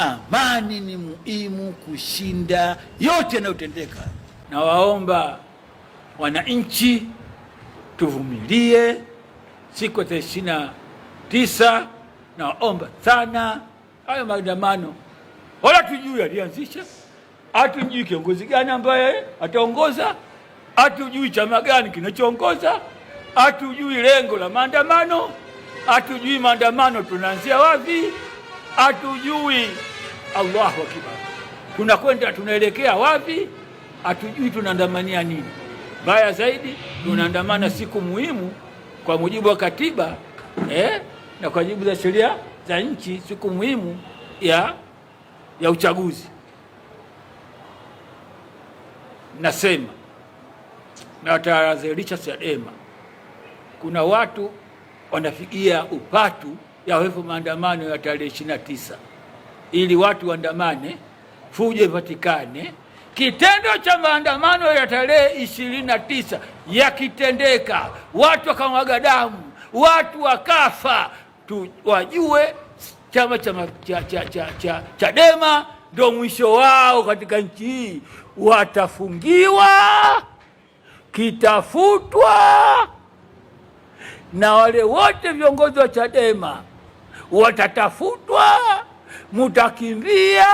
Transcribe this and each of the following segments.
amani ni muhimu kushinda yote yanayotendeka. Na waomba wananchi tuvumilie siku ya ishirini na tisa. Nawaomba sana, hayo maandamano wala tujui alianzisha, hatujui kiongozi gani ambaye ataongoza, hatujui chama gani kinachoongoza, hatujui lengo la maandamano, hatujui maandamano tunaanzia wapi, hatujui Allahu akbar! Tunakwenda tunaelekea wapi? Hatujui tunaandamania nini. Baya zaidi, tunaandamana siku muhimu kwa mujibu wa katiba eh, na kwa mujibu za sheria za nchi, siku muhimu ya, ya uchaguzi. Nasema na Chadema, kuna watu wanafikia upatu ya wefu maandamano ya tarehe ishirini na tisa ili watu waandamane, fujo ipatikane. Kitendo cha maandamano ya tarehe ishirini na tisa yakitendeka, watu wakamwaga damu, watu wakafa, tu wajue chama cha cha Chadema ndo mwisho wao katika nchi hii, watafungiwa kitafutwa na wale wote viongozi wa Chadema watatafutwa mutakimbia,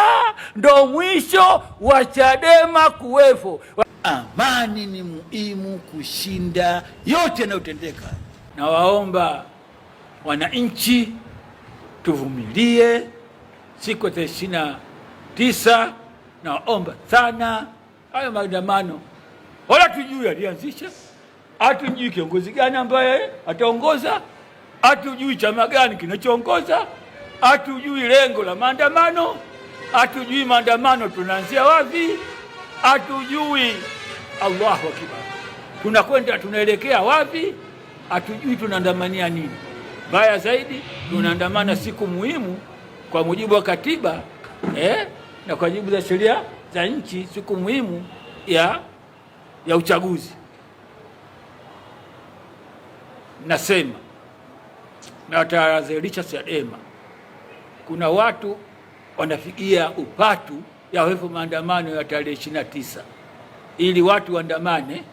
ndo mwisho wa Chadema kuwepo. Amani ni muhimu kushinda yote yanayotendeka. Nawaomba wananchi tuvumilie siku ya ishirini na tisa. Nawaomba sana, hayo maandamano wala tujui alianzisha, hatujui kiongozi gani ambaye ataongoza, hatujui chama gani kinachoongoza hatujui lengo la maandamano, hatujui maandamano tunaanzia wapi, hatujui. Allahu akbar, tunakwenda tunaelekea wapi? Hatujui tunaandamania nini. Baya zaidi, tunaandamana siku muhimu kwa mujibu wa katiba eh, na kwa mujibu za sheria za nchi, siku muhimu ya, ya uchaguzi. Nasema na taradherisha Chadema kuna watu wanafikia upatu wefu maandamano ya tarehe ishirini na tisa ili watu waandamane,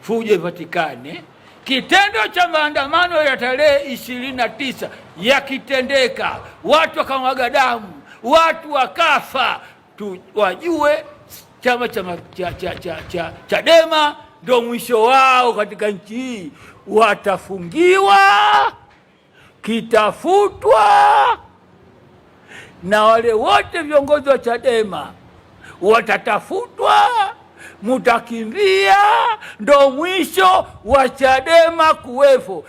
fujo ipatikane. Kitendo cha maandamano ya tarehe ishirini na tisa yakitendeka, watu wakamwaga damu, watu wakafa, wajue chama cha cha Chadema ndo mwisho wao katika nchi hii, watafungiwa kitafutwa na wale wote viongozi wa Chadema watatafutwa, mutakimbia, ndo mwisho wa Chadema kuwepo.